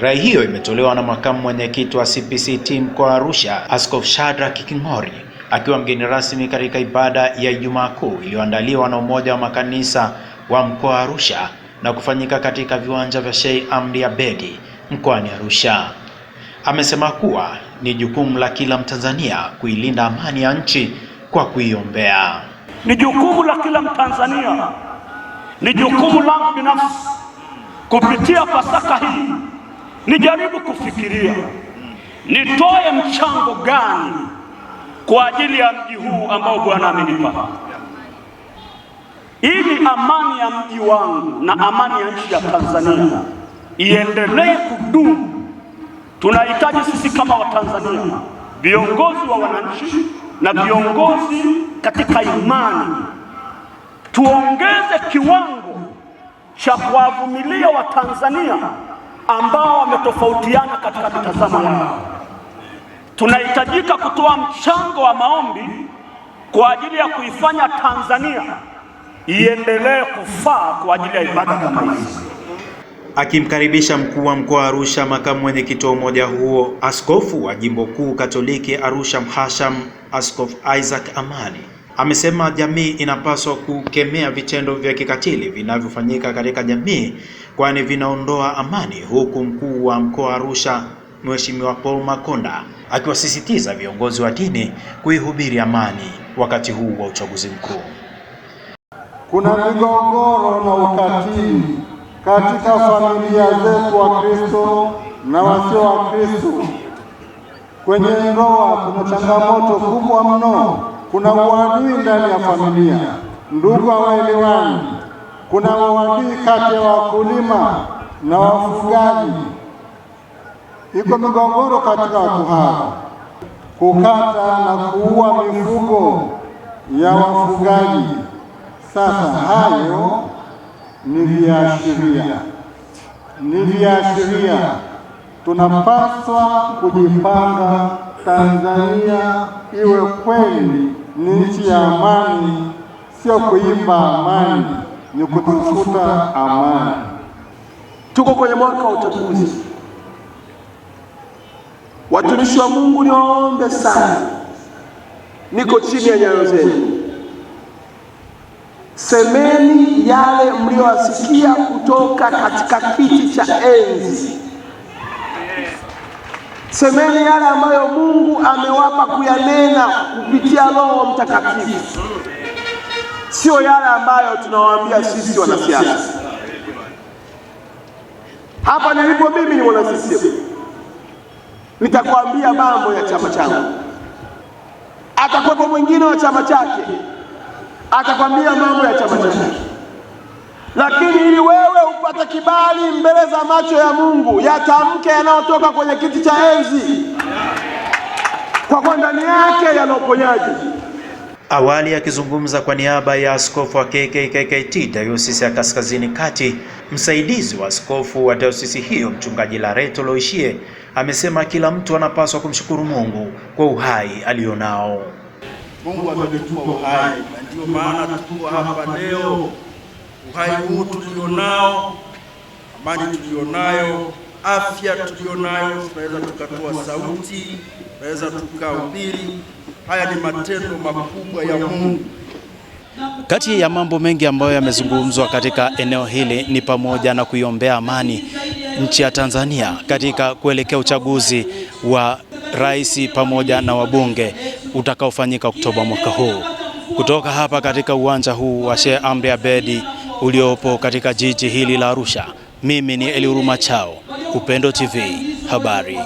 Rai hiyo imetolewa na makamu mwenyekiti wa CPCT mkoa wa Arusha, Askofu Shadrack King'ori akiwa mgeni rasmi katika ibada ya Ijumaa Kuu iliyoandaliwa na Umoja wa Makanisa wa mkoa wa Arusha na kufanyika katika viwanja vya Sheikh Amri Abedi mkoani Arusha. Amesema kuwa ni jukumu la kila Mtanzania kuilinda amani ya nchi kwa kuiombea. Ni jukumu la kila Mtanzania, ni jukumu langu binafsi kupitia Pasaka hii nijaribu kufikiria nitoe mchango gani kwa ajili ya mji huu ambao Bwana amenipa ili amani ya mji wangu na amani ya nchi ya Tanzania iendelee kudumu. Tunahitaji sisi kama Watanzania, viongozi wa wananchi na viongozi katika imani, tuongeze kiwango cha kuwavumilia Watanzania ambao wametofautiana katika mitazamo yao. Tunahitajika kutoa mchango wa maombi kwa ajili ya kuifanya Tanzania iendelee kufaa kwa ajili ya ibada kama hizi. Akimkaribisha mkuu wa mkoa wa Arusha, makamu mwenyekiti wa umoja huo, askofu wa jimbo kuu Katoliki Arusha Mhasham, Askofu Isaac Amani Amesema jamii inapaswa kukemea vitendo vya kikatili vinavyofanyika katika jamii kwani vinaondoa amani, huku mkuu wa mkoa Arusha Mheshimiwa Paul Makonda akiwasisitiza viongozi wa dini kuihubiri amani wakati huu wa uchaguzi mkuu. Kuna migogoro na ukatili katika familia zetu, Wakristo na wasio Wakristo. Kwenye ndoa kuna changamoto kubwa mno kuna uadui ndani ya familia, ndugu hawaelewani. Kuna uadui kati ya wakulima na wafugaji, iko migogoro katika watu hao. Kukata na kuua mifugo ya wafugaji, sasa hayo ni viashiria, ni viashiria. Tunapaswa kujipanga, Tanzania iwe kweli ni nchi ya amani, sio kuimba amani, ni kutafuta amani. Tuko kwenye mwaka wa uchaguzi. Watumishi wa Mungu, niwaombe sana, niko chini ya nyayo zenu. Semeni yale mliyoyasikia kutoka katika kiti cha enzi. Semeni yale ambayo Mungu hapa kuyanena kupitia Roho Mtakatifu, sio yale ambayo tunawaambia sisi wanasiasa. Hapa nilipo mimi ni mwana CCM, nitakwambia mambo ya chama changu, atakuwepo mwingine wa chama chake atakwambia mambo ya chama chake. Lakini ili wewe upate kibali mbele za macho ya Mungu, yatamke yanayotoka kwenye kiti cha enzi kwa kuwa ndani yake yana uponyaji. Awali akizungumza kwa niaba ya askofu wa kkkkt dayosisi ya Kaskazini Kati, msaidizi wa askofu wa dayosisi hiyo mchungaji Lareto Loishie amesema kila mtu anapaswa kumshukuru Mungu kwa uhai alionao. Mungu ametupa uhai, ndio maana tuko hapa leo. Uhai huu tulionao, amani tulionayo afya tulionayo, tunaweza tukatoa sauti, tunaweza tukahubiri. Haya ni matendo makubwa ya Mungu. Kati ya mambo mengi ambayo yamezungumzwa katika eneo hili ni pamoja na kuiombea amani nchi ya Tanzania katika kuelekea uchaguzi wa rais pamoja na wabunge utakaofanyika Oktoba mwaka huu. Kutoka hapa katika uwanja huu wa Sheikh Amri Abedi uliopo katika jiji hili la Arusha, mimi ni Eliuruma Chao. Upendo TV habari.